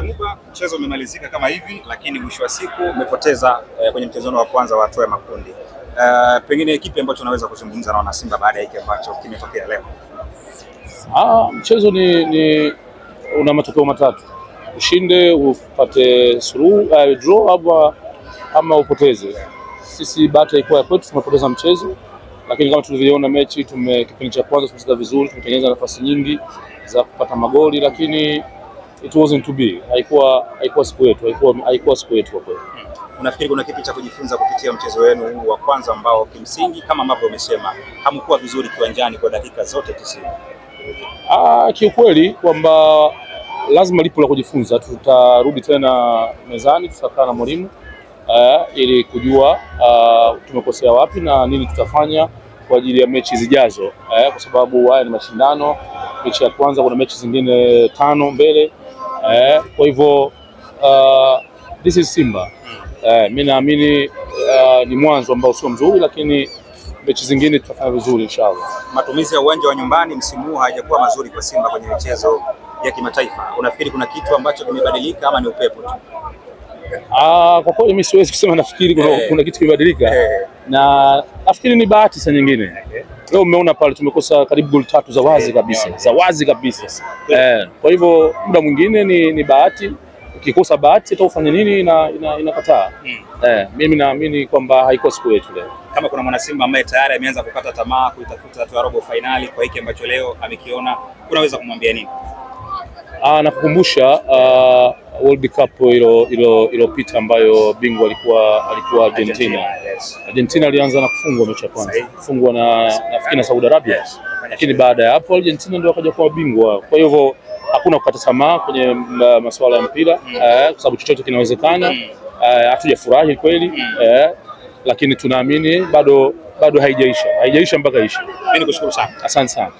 kutamuka, mchezo umemalizika kama hivi, lakini mwisho wa siku umepoteza eh, kwenye mchezo wa kwanza wa hatua ya makundi uh, pengine kipi ambacho unaweza kuzungumza na wanasimba baada ya hiki ambacho kimetokea leo? Ah, mchezo ni, ni una matokeo matatu, ushinde, upate suru, uh, eh, draw ama, ama upoteze. Sisi bahati ilikuwa ya kwetu, tumepoteza mchezo lakini kama tulivyoona mechi tume, kipindi cha kwanza tumecheza vizuri, tumetengeneza nafasi nyingi za kupata magoli, lakini it wasn't to be, haikuwa haikuwa siku yetu, haikuwa haikuwa siku yetu kwa hmm. Unafikiri kuna kitu cha kujifunza kupitia mchezo wenu huu wa kwanza ambao kimsingi kama ambavyo umesema hamkuwa vizuri kiwanjani kwa dakika zote tisini? Ah, kiukweli kwamba lazima lipo la kujifunza. Tutarudi tena mezani, tutakaa na mwalimu uh, ili kujua uh, tumekosea wapi na nini tutafanya kwa ajili ya mechi zijazo, uh, kwa sababu haya ni mashindano. Mechi ya kwanza kuna mechi zingine tano mbele eh, kwa hivyo uh, this is Simba hmm. eh, mi naamini uh, ni mwanzo ambao sio mzuri, lakini mechi zingine tutafanya vizuri inshallah. Matumizi ya uwanja wa nyumbani msimu huu hayajakuwa mazuri kwa Simba kwenye michezo ya kimataifa. Unafikiri kuna kitu ambacho kimebadilika ama ni upepo tu? Ah, kwa kweli mimi siwezi kusema nafikiri kuna, hey, eh. kuna kitu kimebadilika hey. Eh na nafikiri ni bahati sa nyingine leo umeona pale tumekosa karibu goli tatu za wazi kabisa za wazi kabisa eh. Kwa hivyo muda mwingine ni, ni bahati. Ukikosa bahati hata ufanye nini inakataa ina, ina mm. Eh, mimi naamini kwamba haiko siku yetu leo. Kama kuna mwanasimba ambaye tayari ameanza kukata tamaa kuitafuta tu robo fainali kwa hiki ambacho leo amekiona, unaweza kumwambia nini? Ah, nakukumbusha uh, World Cup iliyopita ambayo bingwa alikuwa alikuwa Argentina. Argentina alianza na kufungwa mechi ya kwanza, kufungwa na nafikiri na Saudi Arabia, lakini baada ya hapo Argentina ndio akaja kuwa bingwa. Kwa hivyo hakuna kukata tamaa kwenye masuala ya mpira mm. eh, kwa sababu chochote kinawezekana. Hatujafurahi mm. eh, kweli mm. eh, lakini tunaamini bado bado haijaisha, haijaisha mpaka ishe. Mimi nikushukuru sana, asante sana.